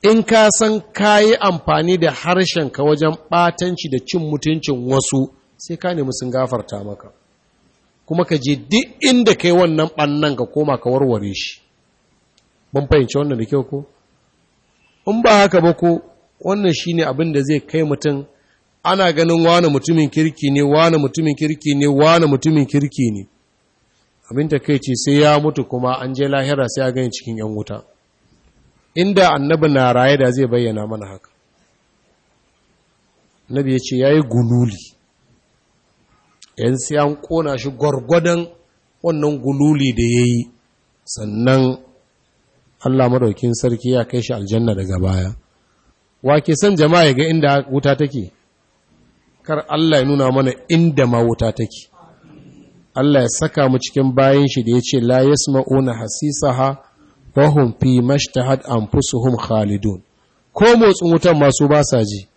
Speaker 1: in ka san ka yi amfani da harshenka wajen ɓatanci da cin mutuncin wasu sai ka nemi sun gafarta maka kuma ka je duk inda kai wannan ɓannan ka koma ka warware shi mun fahimci wannan da kyau ko in ba haka ba ko wannan shine abin da zai kai mutum ana ganin wane mutumin kirki ne wane mutumin kirki ne wane mutumin kirki ne abin ta kai ce sai ya mutu kuma an je lahira sai ya gani cikin yan wuta inda annabi na raye da zai bayyana mana haka annabi ya ce ya yi gululi yan sai an kona shi gwargwadon wannan gululi da ya yi sannan allah maraukin sarki ya kai shi aljanna daga baya wa ke son jama'a ya ga inda wuta take kar allah ya nuna mana inda ma wuta take Allah ya saka mu cikin bayan shi da ya ce la yasma'una hasisaha wahum fi an anfusuhum khalidun ko motsin wutan masu ba ji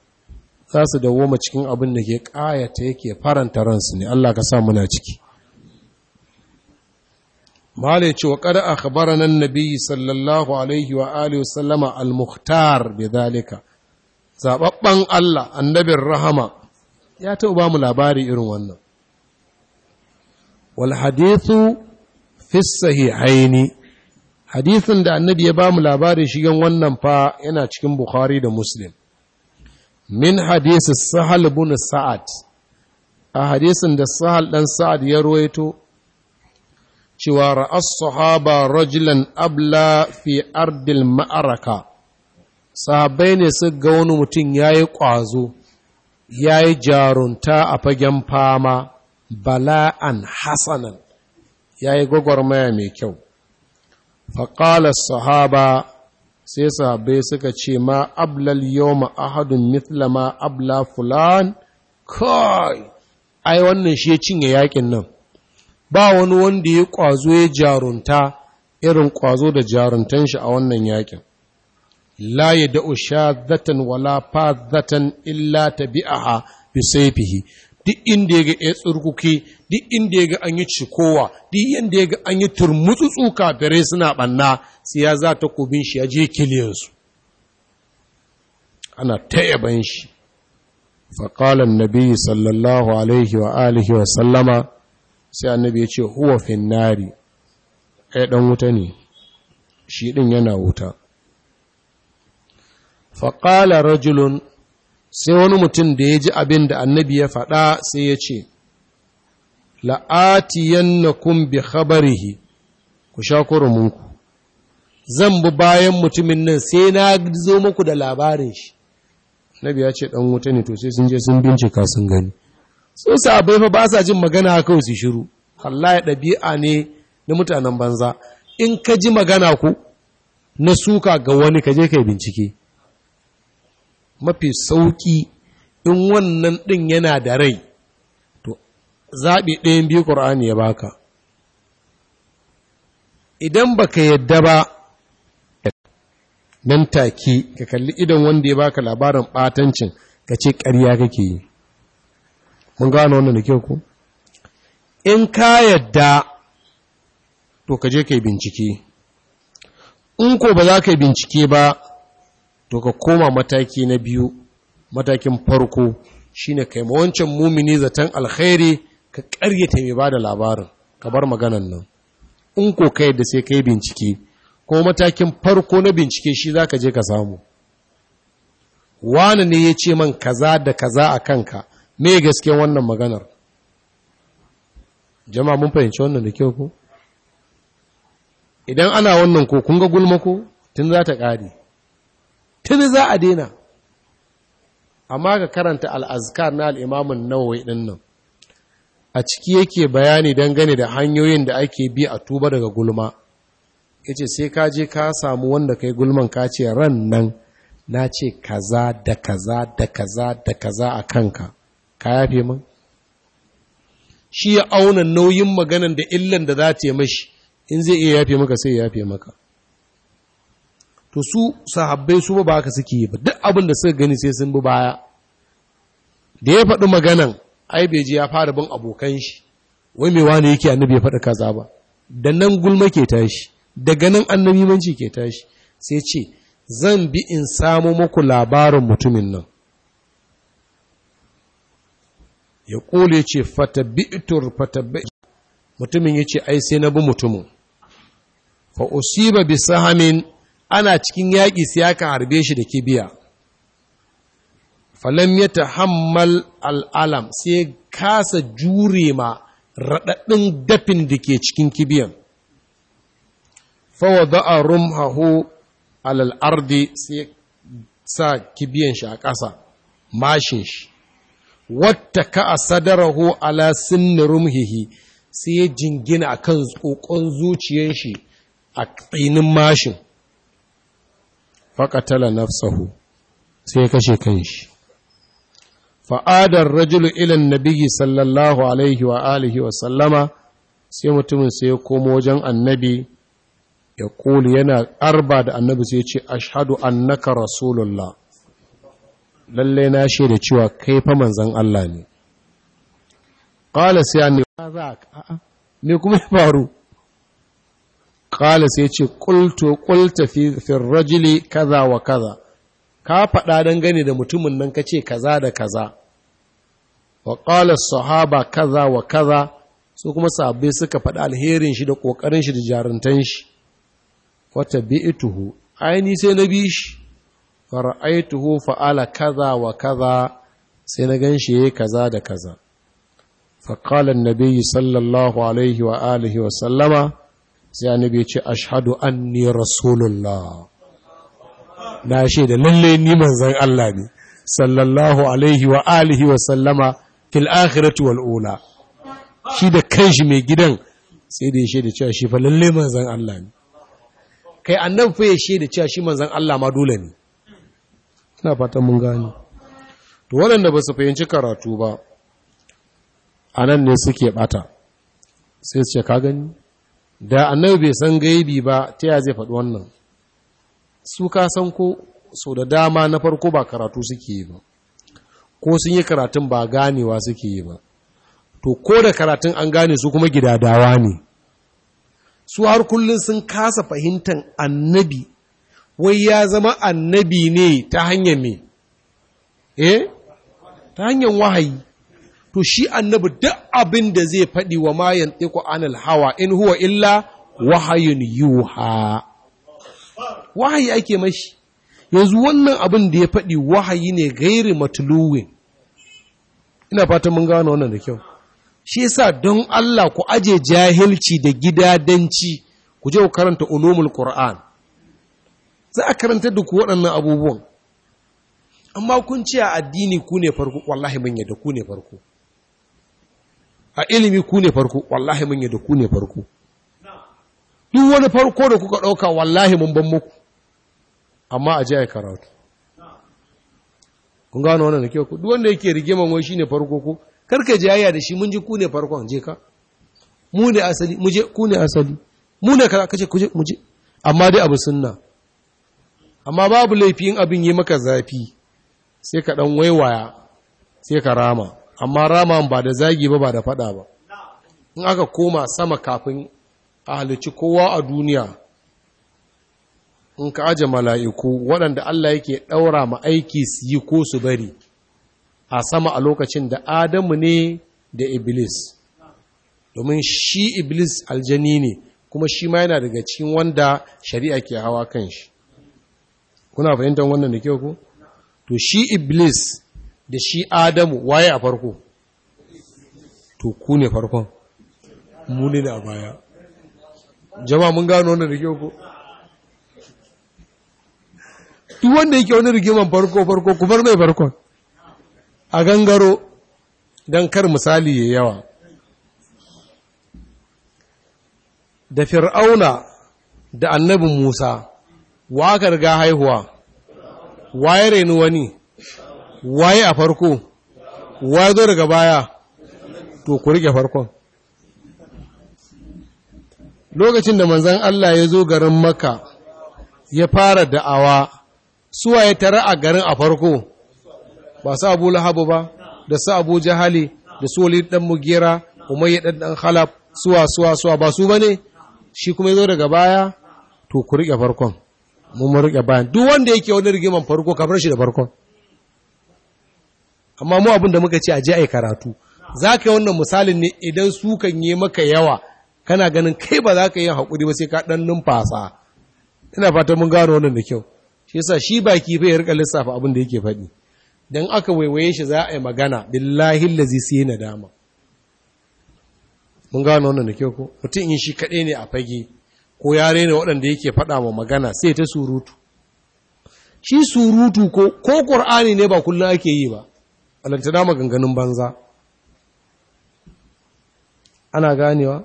Speaker 1: za su dawo mu cikin abin da ke ƙayata yake faranta ransu ne Allah ka sa muna ciki malai ce wa kada a khabaranan nabi sallallahu alaihi wa alihi wasallama al-mukhtar bi zalika zababban Allah annabin rahama ya ta ba labari irin wannan wal hadithu fi sahihaini hadisin da annabi ya ba mu labarin shigen wannan fa yana cikin bukhari da muslim min hadisi sahal bin sa'ad a hadisin da sahal dan sa'ad ya ruwaito cewa ra'as sahaba rajulan abla fi ardil ma'araka sahabbai ne su ga wani mutum yayi yi ƙwazo ya jarunta a fagen fama bala'an hasanan yayi yi gwagwarmaya mai kyau faƙalar sahaba sai sahabai suka ce ma ablal yau ma'ahadun mithla ma abla fulan kai ai wannan shi ya cinye yakin nan ba wani wanda ya ƙwazo ya jarunta irin ƙwazo da jaruntan shi a wannan yakin la ya da'u zaton wala zaton, illa tabi'aha bi sayfihi duk inda ya ga ya tsurkuki duk inda ya ga an yi cikowa duk inda ya ga an yi turmutsutsu suna ɓanna sai ya za takobin shi ya je kiliyansu ana ta yaban shi nabi sallallahu alaihi wa alihi wa sallama sai annabi ya ce huwa finnari ai dan wuta ne shi din yana wuta Faƙalan rajulun sai wani mutum da ya ji abin da annabi ya faɗa sai ya ce la'atiyannakum bi khabarihi ku sha kurumunku zan bi bayan mutumin nan sai na zo muku da labarin shi nabi ya ce dan wuta ne to sai sun je sun bincika sun gani so sabai fa ba sa jin magana kawai su shiru Allah ya ɗabi'a ne na mutanen banza in ka ji magana ku na suka ga wani ka je kai bincike mafi sauƙi in wannan ɗin yana da rai to zaɓi ɗayan biyu ƙur'ani ya baka idan baka yadda ba nan take ka kalli idan wanda ya baka labarin ɓatancin ka ce ƙarya kake yi mun gano wannan da kyau ku in ka yadda to ka je ka yi bincike in ko ba za ka yi bincike ba to ka koma mataki na biyu matakin farko shine kai ma wancan mumini zaton alkhairi ka karyata mai bada labarin ka bar maganan nan in ko ka yadda sai kai bincike ko matakin farko na bincike shi zaka je ka samu wani ne ya ce man kaza da kaza a kanka me gaske wannan maganar jama'a mun fahimci wannan da kyau ko idan ana wannan ko kun ga gulma ko tun za ta ƙari tuni za a daina amma ga karanta al'azkar na al'imamun nawai ɗin nan a ciki yake bayani dangane da hanyoyin da ake bi a tuba daga gulma ya ce sai ka je ka samu wanda kai gulman ka ce ran nan na ce kaza da kaza da kaza da kaza a kanka ka yafe min shi ya auna nauyin maganan da illan da za ta yi mashi in zai iya yafe maka sai ya yafe maka to su sahabbai su ba ka suke yi ba duk abin da suka gani sai sun bi baya da ya faɗi maganan ai bai je ya fara bin abokan shi wai mai wani yake annabi ya faɗi kaza ba da nan gulma ke tashi daga nan annabi manci ke tashi sai ce zan bi in samo muku labarin mutumin nan ya kole ya ce fatabi'tur bi. mutumin ya ce ai sai na bi mutumin fa usiba bi sahamin ana cikin yaƙi sai aka harbe shi da kibiya falam ya tahammal al'alam sai kasa jure ma raɗaɗin dafin da ke cikin kibiyan fawa a rumhahu al'ardi sai sa kibiyan shi a ƙasa mashin shi wata ka a sadarahu ala sinni rumhihi sai ya jingina a kan tsokon zuciyan shi a tsinin mashin faƙatala nafsahu sai kashe kanshi fa'adar rajulu ilin nabiyyi sallallahu alaihi wa alihi wa sallama sai mutumin sai ya komo wajen annabi ya kuli yana arba da annabi sai ce ashhadu annaka rasulullah lalle na shaida cewa kai fa Allah ne qala sai annabi me kuma ya faru ƙala sai ce ƙulto ƙulta firrajili kaza wa kaza ka faɗa don gani da mutumin nan ka ce kaza da kaza wa ƙala sahaba kaza wa kaza su kuma sabbai suka faɗa alherin shi da ƙoƙarin shi da jarintan shi wata bi'ituhu aini sai na bi shi fara'aituhu fa'ala kaza wa kaza sai na gan shi yayi kaza da kaza فقال sallallahu alaihi wa alihi wa sallama. sai annabi ya ce ashhadu anni rasulullah na shaida lalle ni manzon Allah ne sallallahu alaihi wa alihi wa sallama fil akhirati wal ula shi da kanshi mai gidan sai da ya shaida cewa shi fa lalle manzon Allah ne kai annan fa ya shaida cewa shi manzon Allah ma dole ne ina fatan mun gane to waɗanda ba su fahimci karatu ba anan ne suke bata sai su ce ka gani da annabi bai san gaibi ba ta ya zai faɗi wannan su ka san ko sau da dama na farko ba karatu suke yi ba ko sun yi karatun ba ganewa suke yi ba to ko da karatun an gane su kuma gidadawa ne su har kullum sun kasa fahimtar annabi wai ya zama annabi ne ta hanyar me eh ta hanyar wahayi to shi annabi duk abin da zai faɗi wa ma yantiqu anil hawa in huwa illa wahayin yuha wahayi ake mashi yanzu wannan abin da ya faɗi wahayi ne gairi matuluwin ina fatan mun gano wannan da kyau shi yasa don Allah ku aje jahilci da gidadanci ku je ku karanta ulumul qur'an za a karanta duk waɗannan abubuwan amma kun ce a addini ku ne farko wallahi mun yadda ku ne farko a ilimi ku ne farko wallahi mun yadda ku ne farko duk wani farko da kuka ɗauka wallahi mun ban muku amma a jiya karatu kun gano wannan da kyau ku duk wanda yake rigiman wai ne farko ku karka jayayya da shi mun ji ku ne farkon je ka mu ne asali mu je ku ne asali mu ne kaza kace ku je mu je amma dai abu sunna amma babu laifin abin yi maka zafi sai ka dan waiwaya sai ka rama amma rama ba da zagi ba ba da fada ba in aka koma sama kafin a halici kowa a duniya in ka aje mala'iku waɗanda Allah yake ɗaura ma aiki su yi ko su bari a sama a lokacin da Adamu ne da Iblis domin shi Iblis aljani ne kuma shi ma yana daga cikin wanda shari'a ke hawa kan shi kuna fahimtar wannan da kyau ku to shi Iblis da shi Adamu waye a farko to ku ne farkon mu ne a baya jama'a mun gano wannan rike ko duk wanda yake wani rigiman farko farko ku bar mai farkon a gangaro dan kar misali ya yawa da fir'auna da annabin musa wa karga riga haihuwa waye rainu wani waye a farko waye zo daga baya to ku rike farkon lokacin da manzan Allah ya zo garin maka ya fara da'awa suwa ya tara a garin a farko ba su abu lahabu ba da su abu jahali da su wali dan mugera umayya dan dan khalaf suwa suwa suwa ba su bane shi kuma ya zo daga baya to ku rike farkon mun mu rike bayan duk wanda yake wani rigiman farko ka shi da farkon amma mu abin da muka ce a je a yi karatu za ka yi wannan misalin ne idan su kan yi maka yawa kana ganin kai ba za ka yi haƙuri ba sai ka ɗan numfasa ina fata mun gano wannan da kyau shi yasa shi baki fa rika lissafa abin da yake faɗi dan aka waiwaye shi za a yi magana billahi allazi sai na dama mun gano wannan da kyau ko mutum in shi kaɗai ne a fage ko yare ne waɗanda yake faɗa wa magana sai ta surutu shi surutu ko ko qur'ani ne ba kullum ake yi ba dama maganganun banza ana ganewa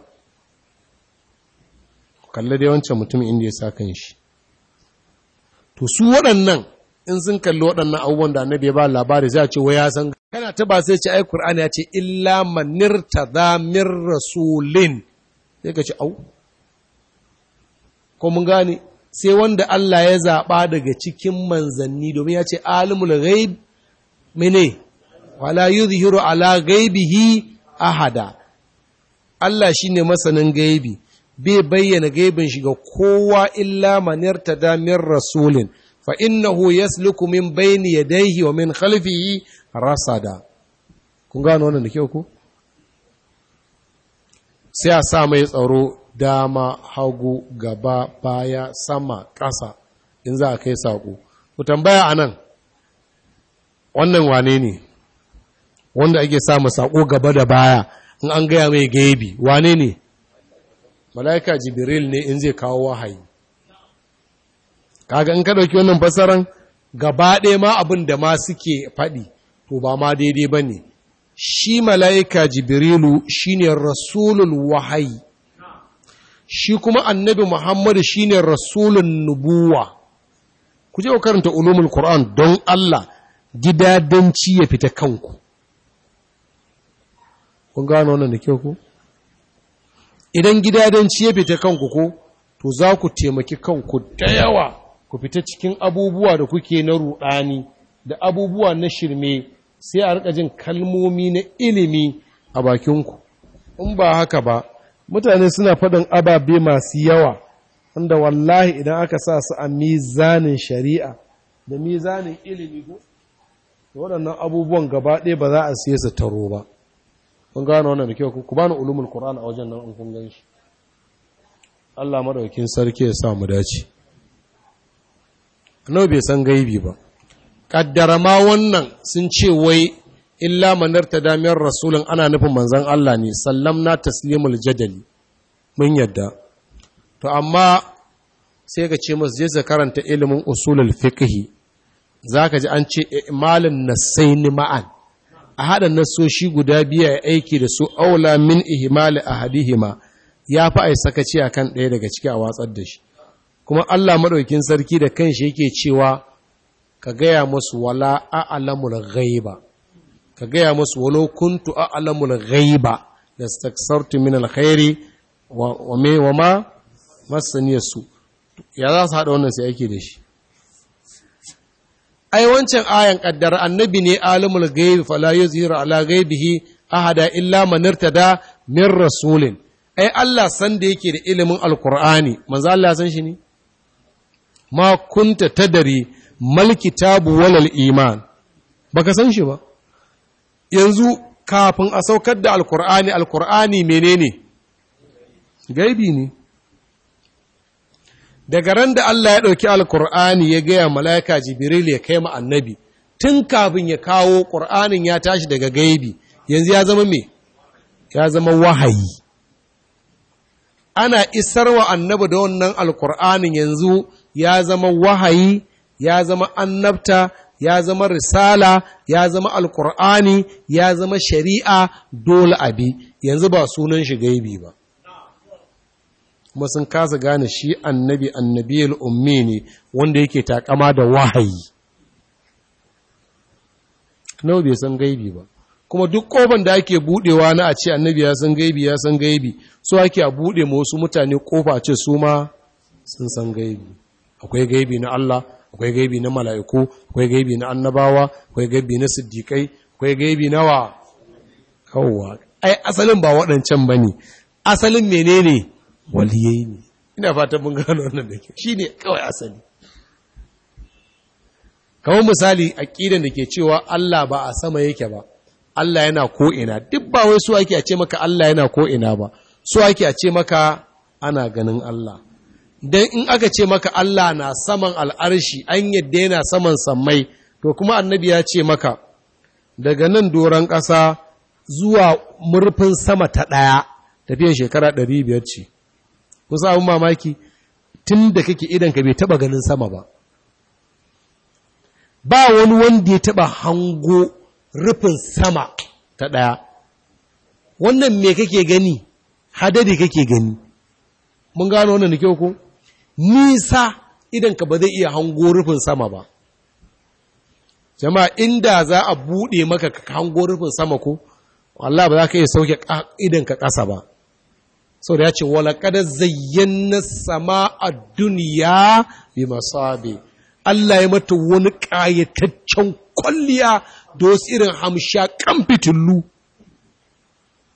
Speaker 1: kalli da yawancin mutum inda ya sa kan shi to su waɗannan in sun kalli waɗannan abubuwan da annabi ya ba labari za a ce waya ya san kana ta ba sai ce ai qur'ani ya ce illa manir ta zamir rasulin sai ka ce au ko mun gane sai wanda Allah ya zaɓa daga cikin manzanni domin ya ce alimul ghaib mene wala yuzhiru ala gaibihi ahada Allah shine masanin gaibi bai bayyana gaibin shi ga kowa illa manirta da rasulin fa innahu yasluku min bayni yadayhi wa min khalfihi rasada kun gano wannan da kyau ku sai a sa mai tsaro dama hagu gaba baya sama ƙasa in za a kai saƙo ku tambaya anan wannan wane ne wanda ake samu sako gaba da baya in an gaya mai gaibi wane ne mala'ika jibril ne in zai kawo wahayi kaga in ka dauki wannan fasaran gaba ɗaya ma abin da ma suke faɗi to ba ma daidai ba ne shi mala'ika jibrilu shine rasulul wahayi shi kuma annabi muhammadu shine rasulun nubuwa ku je ku karanta ulumul qur'an don Allah gidadanci ya fita kanku kun gano wannan da kyau ku idan gidadanci ya fita kanku ko to za ku taimaki kanku da yawa ku fita cikin abubuwa da kuke na ruɗani da abubuwa na shirme sai a rika jin kalmomi na ilimi a bakinku in ba haka ba mutane suna faɗin ababe masu yawa wanda wallahi idan aka sa su a mizanin shari'a da mizanin ilimi ko waɗannan abubuwan gaba ɗaya ba za a siye su taro ba kun gano wannan da kyau ku bani ulumul qur'an a wajen nan in kun gan shi Allah madaukakin sarki ya sa mu dace annabi bai san gaibi ba kaddara ma wannan sun ce wai illa manar ta damiyar rasulun ana nufin manzon Allah ne sallamna taslimul jadali mun yadda to amma sai ka ce masu je karanta ilimin usulul fiqhi zaka ji an ce eh, malin nasaini ma'an a haɗa nasoshi guda biya ya aiki da su aula min ihimali ahadihima ya fi ai sakaci kan ɗaya daga ciki a watsar da shi kuma Allah maɗaukin sarki da kanshi yake cewa ka gaya musu wala a'lamul ghaiba ka gaya musu walau kuntu a'lamul ghaiba lastaksartu min alkhairi wa ma masaniyasu ya za su haɗa wannan sai ake da shi ai wancan ayan kaddara annabi ne alimul ghaib fala yuzhiru ala ghaibihi ahada illa man irtada min rasulin ai Allah san da yake da ilimin alqur'ani manzo Allah san shi ne ma kunta tadari mal kitabu walal iman baka san shi ba yanzu kafin a saukar da alqur'ani alqur'ani menene gaibi ne daga ran da Allah ya ɗauki Alƙur'ani ya gaya mala'ika jibril ya kai ma annabi tun kafin ya kawo ƙur'anin ya tashi daga gaibi yanzu ya zama me ya zama wahayi ana isar wa annabi da wannan Alƙur'anin, yanzu ya zama wahayi ya zama annabta ya zama risala ya zama Alƙur'ani, ya zama shari'a dole abi yanzu ba sunan shi gaibi ba kuma sun kasa gane shi annabi annabi ummi ne wanda yake takama da wahayi nawa bai san gaibi ba kuma duk koban da ake budewa na a ce annabi ya san gaibi ya san gaibi so ake a bude ma wasu mutane kofa ce su ma sun san gaibi akwai gaibi na Allah akwai gaibi na mala'iku akwai gaibi na annabawa akwai gaibi na siddiƙai akwai gaibi na wa kawwa ai asalin ba waɗancan ba ne. asalin menene waliyai ne ina fatan mun gano wannan da kyau ne kawai asali kamar misali a aqidan da ke cewa Allah ba a sama yake ba Allah yana ko'ina. duk ba wai su ake a ce maka Allah yana ko'ina ba su ake a ce maka ana ganin Allah dan in aka ce maka Allah na saman al'arshi an yadda yana saman sammai to kuma annabi ya ce maka daga nan doron ƙasa zuwa murfin sama ta ɗaya tafiyar shekara 500 ce kusa abin mamaki tun da kake idanka bai taba ganin sama ba ba wani wanda ya taba hango rufin sama ta ɗaya wannan me kake gani hadari kake gani mun gano wannan da kyau ko nisa idanka ba zai iya hango rufin sama ba jama'a inda za a buɗe maka hango rufin sama ko Allah ba za ka iya sauke idanka ƙasa ba sau da ya ce walaƙada zayyana sama a duniya bi masabi Allah ya mata wani ƙayataccen kwalliya da wasu irin hamsha kan fitilu.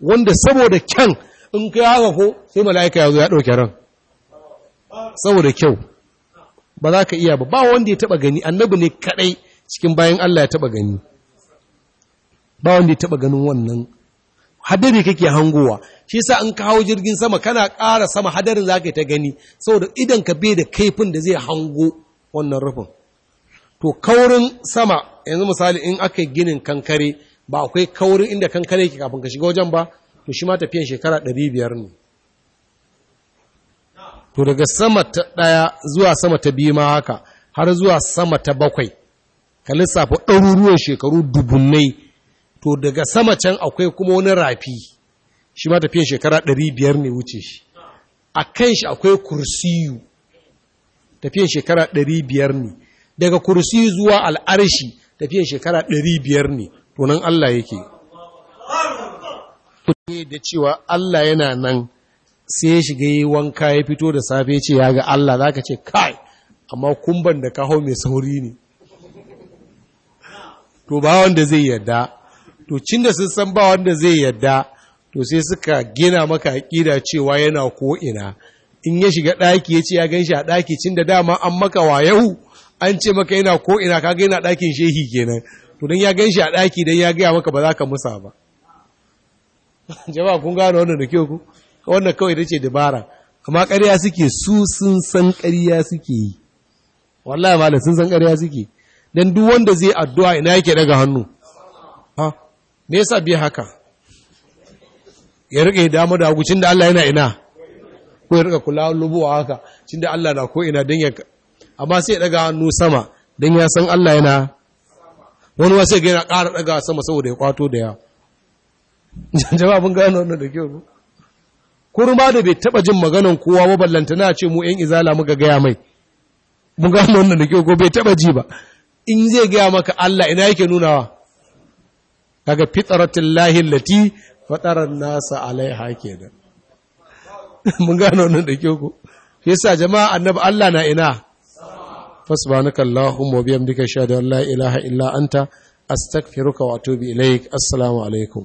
Speaker 1: wanda saboda kyan in ka ya ko sai mala'ika ya zo ya ɗauke ran saboda kyau ba za ka iya ba ba wanda ya taɓa gani annabi ne kaɗai cikin bayan Allah ya taɓa gani ba wanda ya taɓa ganin wannan hadari kake hangowa shi sa an kawo jirgin sama kana ƙara sama hadarin za ka ta gani saboda idan ka bai da kaifin da zai hango wannan rufin to kaurin sama yanzu misali in aka ginin kankare ba akwai kaurin inda kankare ke kafin ka shiga wajen ba to shi ma tafiyan shekara 500 ne to daga sama ta ɗaya zuwa sama ta biyu ma haka har zuwa sama ta bakwai ka lissafa ɗaruruwan shekaru dubunnai to daga sama can akwai kuma wani rafi shi ma tafiye shekara 500 ne wuce shi a kan shi akwai kursiyu tafiye shekara 500 ne daga kursiyu zuwa al'arshi tafiye shekara 500 ne tunan Allah yake ne da cewa Allah yana nan sai ya shiga yi wanka ya fito da safe ce ya ga Allah za ka ce kai amma kumban da kaho mai sauri ne to ba wanda zai yarda to cin da sun san ba wanda zai yarda to sai suka gina maka aƙida cewa yana ko'ina in ya shiga ɗaki ya ce ya gan shi a ɗaki cin da dama an maka yau an ce maka yana ko'ina ka gina ɗakin shehi kenan to don ya gan shi a ɗaki don ya gaya maka ba za ka musa ba jama'a kun gano wannan da kyau ku wannan kawai da ce dabara amma ƙarya suke su sun san ƙarya suke yi wallahi malam sun san ƙarya suke don duk wanda zai addu'a ina yake daga hannu ha me yasa bi haka ya rika damu da hagu cin da Allah yana ina ko ya rika kula lubuwa haka cin da Allah na ko ina don ya amma sai ya daga hannu sama don ya san Allah yana wani wasu ga yana ƙara daga sama saboda ya kwato da ya mun gano wannan da kyau kurma da bai taba jin maganan kowa ba na ce mu yan izala muka gaya mai mun gano wannan da kyau ko bai taba ji ba in zai gaya maka Allah ina yake nunawa kaga fitratul lahi allati fadarar nasa alaiha kenan mun gano nan da kyau ko yasa jama'a annabi Allah na ina fasbanaka Allahumma bihamdika shahadu an la ilaha illa anta astaghfiruka wa atubu ilaik assalamu alaikum